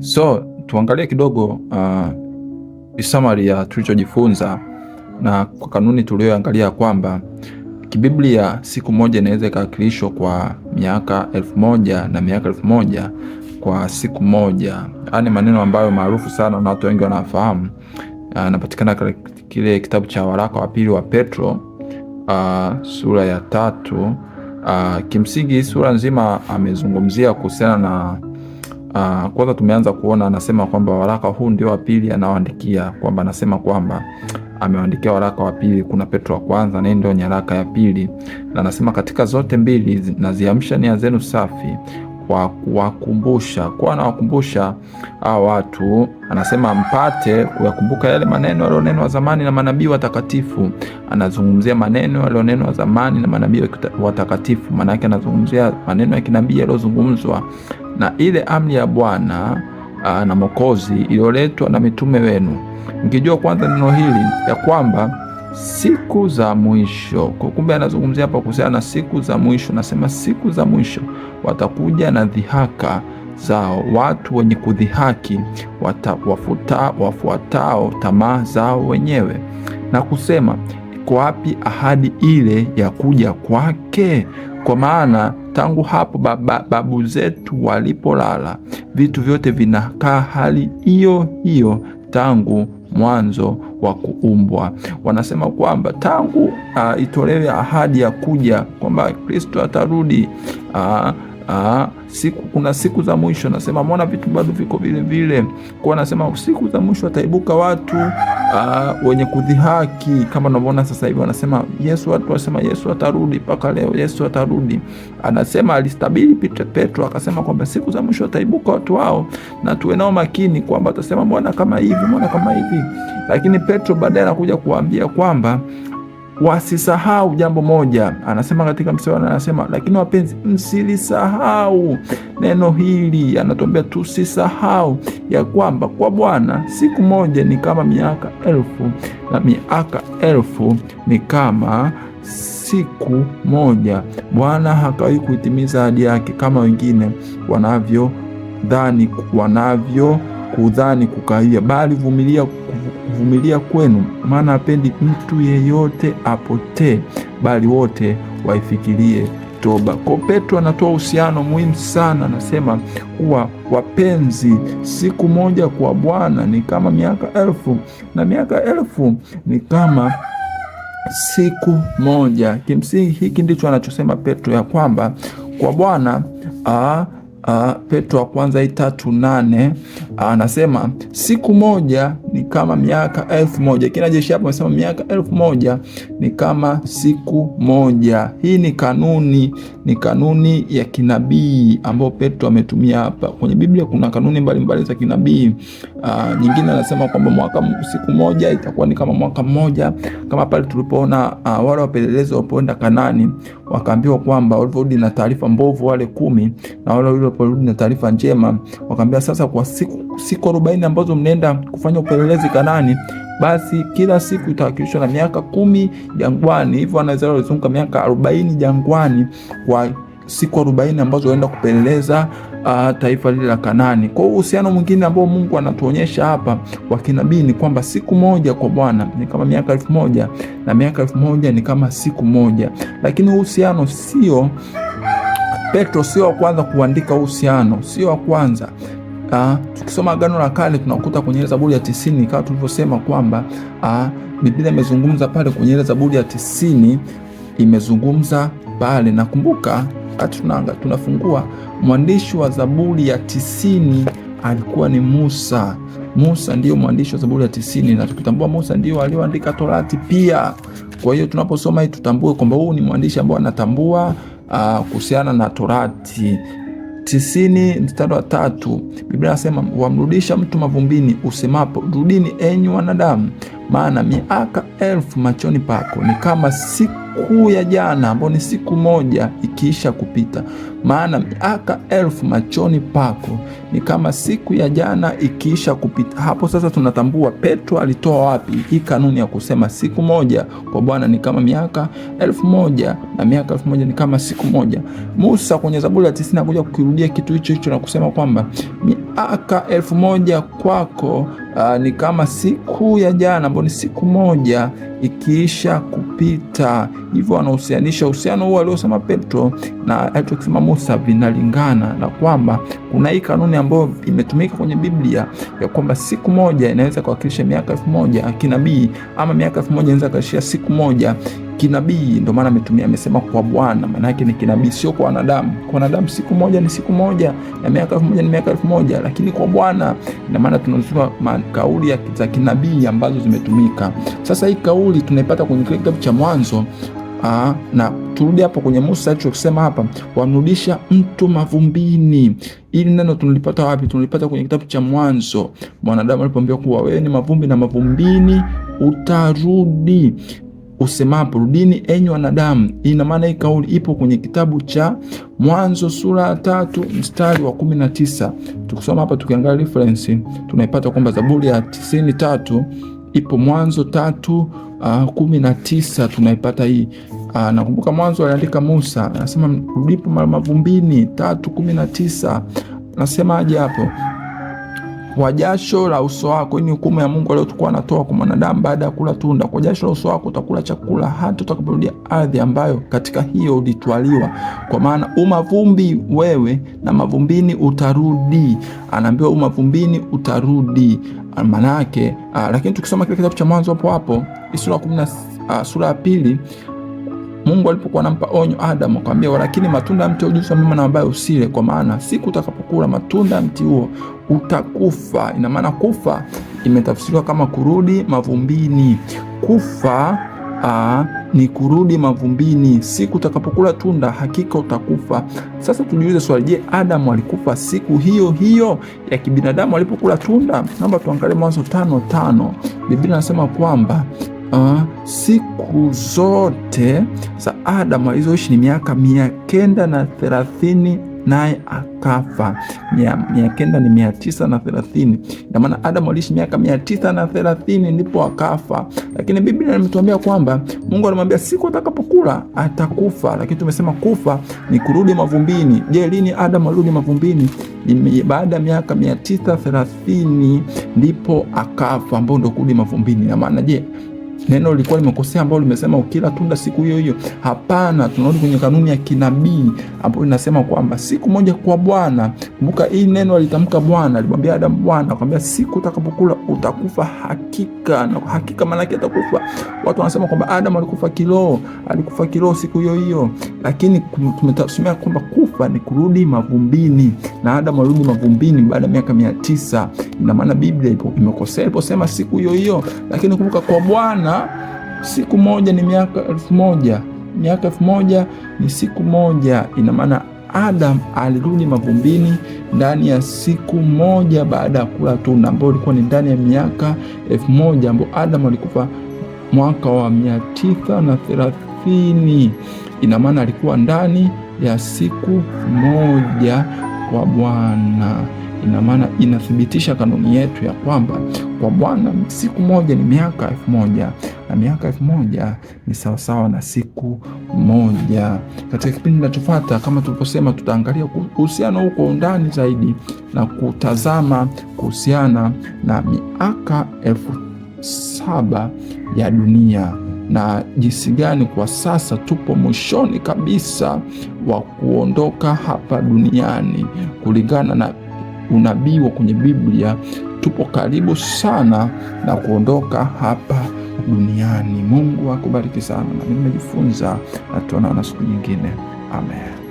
So tuangalie kidogo uh, summary ya tulichojifunza na kwa kanuni tuliyoangalia kwamba kibiblia siku moja inaweza ikawakilishwa kwa miaka elfu moja na miaka elfu moja kwa siku moja. Haya ni maneno ambayo maarufu sana na watu wengi wanafahamu. Anapatikana uh, kile kitabu cha waraka wa pili wa Petro uh, sura ya tatu. Uh, kimsingi sura nzima amezungumzia kuhusiana na Uh, kwanza tumeanza kuona anasema kwamba waraka huu ndio wa pili anaoandikia, kwamba anasema kwamba ameandikia waraka wa pili, kuna Petro wa kwanza na ndio nyaraka ya pili, na anasema katika zote mbili naziamsha nia zenu safi kwa kuwakumbusha, kwa anawakumbusha hawa watu, anasema mpate kuyakumbuka yale maneno yaliyonenwa zamani na manabii watakatifu. Anazungumzia maneno yaliyonenwa zamani na manabii watakatifu, maana yake anazungumzia maneno ya kinabii yaliyozungumzwa na ile amri ya Bwana ah, na Mwokozi iliyoletwa na mitume wenu, mkijua kwanza neno hili ya kwamba siku za mwisho. Kumbe anazungumzia hapa kuhusiana na siku za mwisho, nasema siku za mwisho watakuja na dhihaka zao, watu wenye kudhihaki watawafuta, wafuatao tamaa zao wenyewe na kusema, iko wapi ahadi ile ya kuja kwake? Kwa maana Tangu hapo baba, babu zetu walipolala, vitu vyote vinakaa hali hiyo hiyo tangu mwanzo wa kuumbwa. Wanasema kwamba tangu uh, itolewe ahadi ya kuja kwamba Kristo atarudi uh, Aa, ah, siku kuna siku za mwisho nasema, mbona vitu bado viko vile vile? Kwa nasema siku za mwisho wataibuka watu aa, ah, wenye kudhihaki kama unavyoona sasa hivi, wanasema Yesu, watu wasema Yesu atarudi, mpaka leo Yesu atarudi. Anasema alistabili Petro akasema kwamba siku za mwisho ataibuka watu wao, na tuwe nao makini kwamba atasema mbona kama hivi, mbona kama hivi, lakini Petro baadaye anakuja kuambia kwamba wasisahau jambo moja, anasema katika msewana anasema lakini wapenzi, msilisahau neno hili. Anatuambia tusisahau ya kwamba kwa Bwana siku moja ni kama miaka elfu na miaka elfu ni kama siku moja. Bwana hakawahi kuitimiza ahadi yake kama wengine wanavyo dhani wanavyo kudhani kukawia, bali vumilia kuvumilia kwenu, maana hapendi mtu yeyote apotee, bali wote waifikirie toba. Kwa Petro anatoa uhusiano muhimu sana, anasema kuwa wapenzi, siku moja kwa Bwana ni kama miaka elfu na miaka elfu ni kama siku moja. Kimsingi hiki ndicho anachosema Petro ya kwamba kwa Bwana uh, Petro wa kwanza hii tatu nane ah, anasema uh, siku moja ni kama miaka elfu moja kina jeshi hapo amesema miaka elfu moja ni kama siku moja. Hii ni kanuni, ni kanuni ya kinabii ambayo Petro ametumia hapa. Kwenye Biblia kuna kanuni mbalimbali za kinabii uh, nyingine anasema kwamba mwaka, siku moja itakuwa ni kama mwaka mmoja, kama pale tulipoona uh, wale wapelelezi walipoenda Kanani wakaambiwa kwamba walivyorudi na taarifa mbovu wale kumi na wale waliporudi na taarifa njema, wakaambia sasa, kwa siku siku arobaini ambazo mnaenda kufanya upelelezi Kanani, basi kila siku itawakilishwa na miaka kumi jangwani. Hivyo wanaweza Israeli walizunguka miaka arobaini jangwani kwa siku arobaini ambazo waenda kupeleleza uh, taifa lile la Kanani. Kwa uhusiano mwingine ambao Mungu anatuonyesha hapa wa kinabii ni kwamba siku moja kwa Bwana ni kama miaka elfu moja na miaka elfu moja ni kama siku moja, lakini uhusiano sio Petro sio wa kwanza kuandika uhusiano, sio wa kwanza. Aa, ah, tukisoma Agano la Kale tunakuta kwenye ile Zaburi ya tisini kama tulivyosema kwamba ah, Biblia imezungumza pale kwenye ile Zaburi ya tisini imezungumza pale, nakumbuka wakati tunafungua mwandishi wa Zaburi ya tisini alikuwa ni Musa. Musa ndiyo mwandishi wa Zaburi ya tisini, na tukitambua Musa ndiyo aliyoandika Torati pia. Kwa hiyo tunaposoma hii tutambue kwamba huu ni mwandishi ambao anatambua Ah, kuhusiana na Torati tisini mstari wa tatu Biblia anasema wamrudisha mtu mavumbini usemapo, rudini enyi wanadamu, maana miaka elfu machoni pako ni kama siku kuu ya jana, ambayo ni siku moja ikiisha kupita. Maana miaka elfu machoni pako ni kama siku ya jana ikiisha kupita. Hapo sasa tunatambua Petro alitoa wapi hii kanuni ya kusema siku moja kwa Bwana ni kama miaka elfu moja na miaka elfu moja ni kama siku moja. Musa kwenye Zaburi ya tisini anakuja kukirudia kitu hicho hicho na kusema kwamba miaka elfu moja kwako uh, ni kama siku ya jana ambayo ni siku moja ikiisha kupita. Hivyo anahusianisha uhusiano huo aliosema Petro na alichokisema Musa vinalingana, na kwamba kuna hii kanuni ambayo imetumika kwenye Biblia ya kwamba siku moja inaweza kuwakilisha miaka elfu moja kinabii, ama miaka elfu moja inaweza kuwakilisha siku moja kinabii. Ndio maana ametumia amesema kwa Bwana, maana yake ni kinabii, sio kwa wanadamu. Kwa wanadamu siku moja ni siku moja na miaka elfu moja ni miaka elfu moja lakini kwa Bwana, ina maana tunazungumza kauli za kinabii ambazo zimetumika. Sasa hii kauli tunaipata kwenye kile kitabu cha Mwanzo. Aa, na turudi hapo kwenye Musa alichosema hapa, wamrudisha mtu mavumbini. Ili neno tunalipata wapi? Tunalipata kwenye kitabu cha Mwanzo, mwanadamu alipoambiwa kuwa wewe ni mavumbi na mavumbini utarudi usemapo rudini enyi wanadamu. Ina maana hii kauli ipo kwenye kitabu cha Mwanzo sura ya tatu mstari wa kumi na tisa. Tukisoma hapa tukiangalia reference tunaipata kwamba Zaburi ya tisini tatu ipo Mwanzo tatu uh, kumi na tisa tunaipata hii uh, nakumbuka Mwanzo aliandika Musa anasema mrudipo mavumbini tatu kumi na tisa haja hapo? kwa jasho la uso wako. ni hukumu ya Mungu aliyokuwa anatoa kwa mwanadamu baada ya kula tunda. Kwa jasho la uso wako utakula chakula hata utakaporudia ardhi ambayo katika hiyo ulitwaliwa, kwa maana umavumbi wewe na mavumbini utarudi. Anaambiwa umavumbini utarudi, manake maanake. Ah, lakini tukisoma kile kitabu cha Mwanzo hapo hapo sura ya na ah, sura ya pili Mungu alipokuwa anampa onyo Adam akamwambia lakini matunda ya mti wa ujuzi wa mema na mabaya usile, kwa maana siku utakapokula matunda ya mti huo utakufa. Ina maana kufa imetafsiriwa kama kurudi mavumbini. Kufa aa, ni kurudi mavumbini. Siku utakapokula tunda hakika utakufa. Sasa tujiulize swali, je, Adamu alikufa siku hiyo hiyo ya kibinadamu alipokula tunda? Naomba tuangalie Mwanzo tano tano. Biblia inasema kwamba Uh, siku zote za Adamu alizoishi ni miaka mia kenda na thelathini naye akafa. Mia kenda ni mia tisa na thelathini. Ina maana Adamu aliishi miaka mia tisa na thelathini ndipo akafa, lakini Biblia inatuambia kwamba Mungu alimwambia siku atakapokula atakufa, lakini tumesema kufa ni kurudi mavumbini. Je, lini Adamu arudi mavumbini? Baada ya miaka mia tisa thelathini ndipo akafa, ambao ndo kurudi mavumbini. Ina maana je neno lilikuwa limekosea, ambao limesema ukila tunda siku hiyo hiyo. Hapana, tunarudi kwenye kanuni ya kinabii ambayo inasema kwamba siku moja kwa Bwana. Kumbuka hii neno alitamka Bwana, alimwambia Adamu Bwana akamwambia, siku utakapokula utakufa hakika. Na hakika maana yake atakufa. Watu wanasema kwamba Adamu alikufa kiroho, alikufa kiroho siku hiyo hiyo, lakini tumetasomea kwamba kufa ni kurudi mavumbini, na Adamu alirudi mavumbini baada ya miaka mia tisa na maana Biblia imekosea iliposema siku hiyo hiyo, lakini kumbuka, kwa Bwana siku moja ni miaka elfu moja miaka elfu moja ni siku moja. Ina maana Adam alirudi mavumbini ndani ya siku moja baada ya kula tunda, ambayo ilikuwa ni ndani ya miaka elfu moja ambao Adam alikufa mwaka wa mia tisa na thelathini. Ina maana alikuwa ndani ya siku moja kwa Bwana. Ina maana inathibitisha kanuni yetu ya kwamba kwa Bwana siku moja ni miaka elfu moja na miaka elfu moja ni sawasawa na siku moja. Katika kipindi kinachofuata, kama tulivyosema, tutaangalia kuhusiana huu kwa undani zaidi na kutazama kuhusiana na miaka elfu saba ya dunia na jinsi gani kwa sasa tupo mwishoni kabisa wa kuondoka hapa duniani kulingana na unabii wa kwenye Biblia. Tupo karibu sana na kuondoka hapa duniani. Mungu akubariki sana, na mimi nimejifunza na tuonana siku nyingine. Amen.